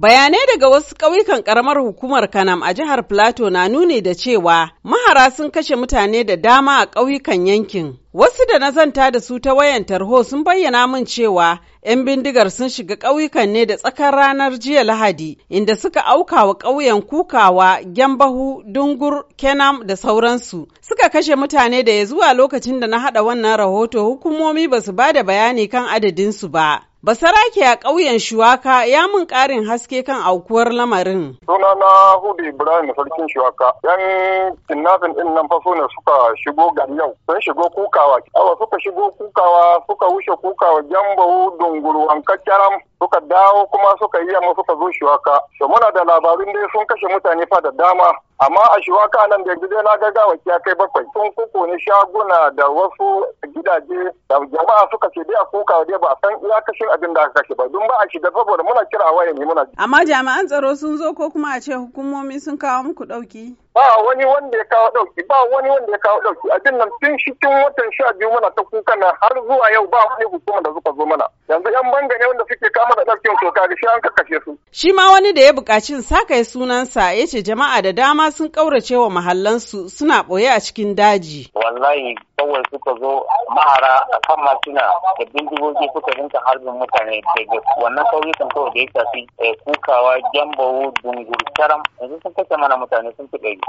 Bayanai daga wasu ƙauyukan ƙaramar hukumar Kanam a jihar Plateau na nuni da cewa mahara sun kashe mutane da dama a ƙauyukan yankin. Wasu da na zanta da su ta wayan tarho sun bayyana min cewa 'yan bindigar sun shiga ƙauyukan ne da tsakar ranar jiya Lahadi, inda suka auka wa ƙauyen kukawa, gyambahu, dungur, kenam da sauransu. Suka kashe mutane da ya zuwa lokacin da na haɗa wannan rahoto hukumomi ba su ba da bayani kan adadinsu ba. Basarake a ƙauyen Shuwaka ya mun ƙarin haske kan aukuwar lamarin. Sunana Hudu Ibrahim Sarkin Shuwaka, ‘yan kinnafin ɗin nan faso ne suka shigo gari yau, sun shigo kuka kukawa awa suka shigo kukawa suka wuce kukawa jambawu dunguru an kaccaram suka dawo kuma suka yi amma suka zo shiwaka to muna da labarin dai sun kashe mutane fa da dama amma a shiwaka nan da gidan na gaggawa ya kai bakwai sun kuku ne shaguna da wasu gidaje da jama'a suka ce dai a kuka dai ba san kashin abin da aka kashe ba dun ba a shiga saboda muna kira a waya ne muna amma jami'an tsaro sun zo ko kuma a ce hukumomi sun kawo muku dauki ba wani wanda ya kawo dauki ba wani wanda ya kawo dauki abin nan tun shi tun watan sha biyu muna ta kuka na har zuwa yau ba wani hukuma da suka zo mana yanzu yan bangare wanda suke kama maka ɗaukin toka da shi an kakashe su. Shi ma wani da ya buƙaci sa saka sunansa ya ce jama'a da dama sun ƙaurace wa mahallansu suna ɓoye a cikin daji. Wallahi kawai suka zo mahara a kan masina da bindigogi suka rinka harbin mutane daga wannan kauyukan kawai da ya shafi eh, kukawa jambawo dungur karam yanzu sun kashe mana mutane sun fi ɗari.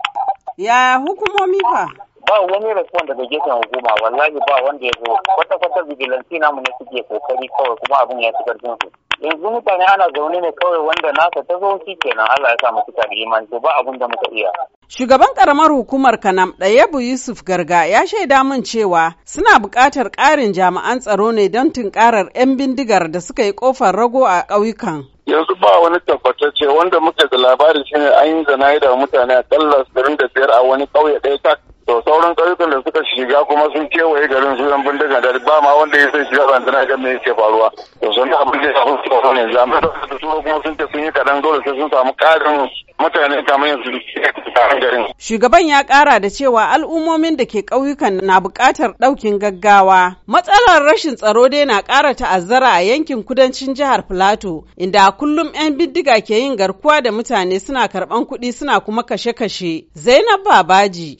Ya hukumomi fa? ba wani respond daga gefen hukuma wallahi ba wanda ya zo kwata-kwata vigilante namu ne suke kokari kawai kuma abin ya fi karfin su yanzu mutane ana zaune ne kawai wanda nasa ta zo shi kenan Allah ya sa mu da imani to ba abun da muka iya Shugaban karamar hukumar Kanam Ɗayabu Yusuf Garga ya shaida min cewa suna buƙatar ƙarin jami'an tsaro ne don tunƙarar 'yan bindigar da suka yi ƙofar rago a ƙauyukan. Yanzu ba wani tabbatacce wanda muka da labari shine an yi zanayi da mutane a ƙalla biyar a wani ƙauye ɗaya tak. To sauran ƙauyukan da shiga kuma sun kewaye garin su yan bindiga da ba ma wanda ya san shiga ban tana ga me yake faruwa to sun abin da ya faru ne zamu da su kuma sun ce sun yi kadan dole sai sun samu karin mutane kamar yanzu garin shugaban ya kara da cewa al'ummomin da ke ƙauyukan na buƙatar ɗaukin gaggawa matsalar rashin tsaro dai na ƙara ta'azzara a yankin kudancin jihar Filato inda a kullum 'yan bindiga ke yin garkuwa da mutane suna karɓan kuɗi suna kuma kashe-kashe Zainab Babaji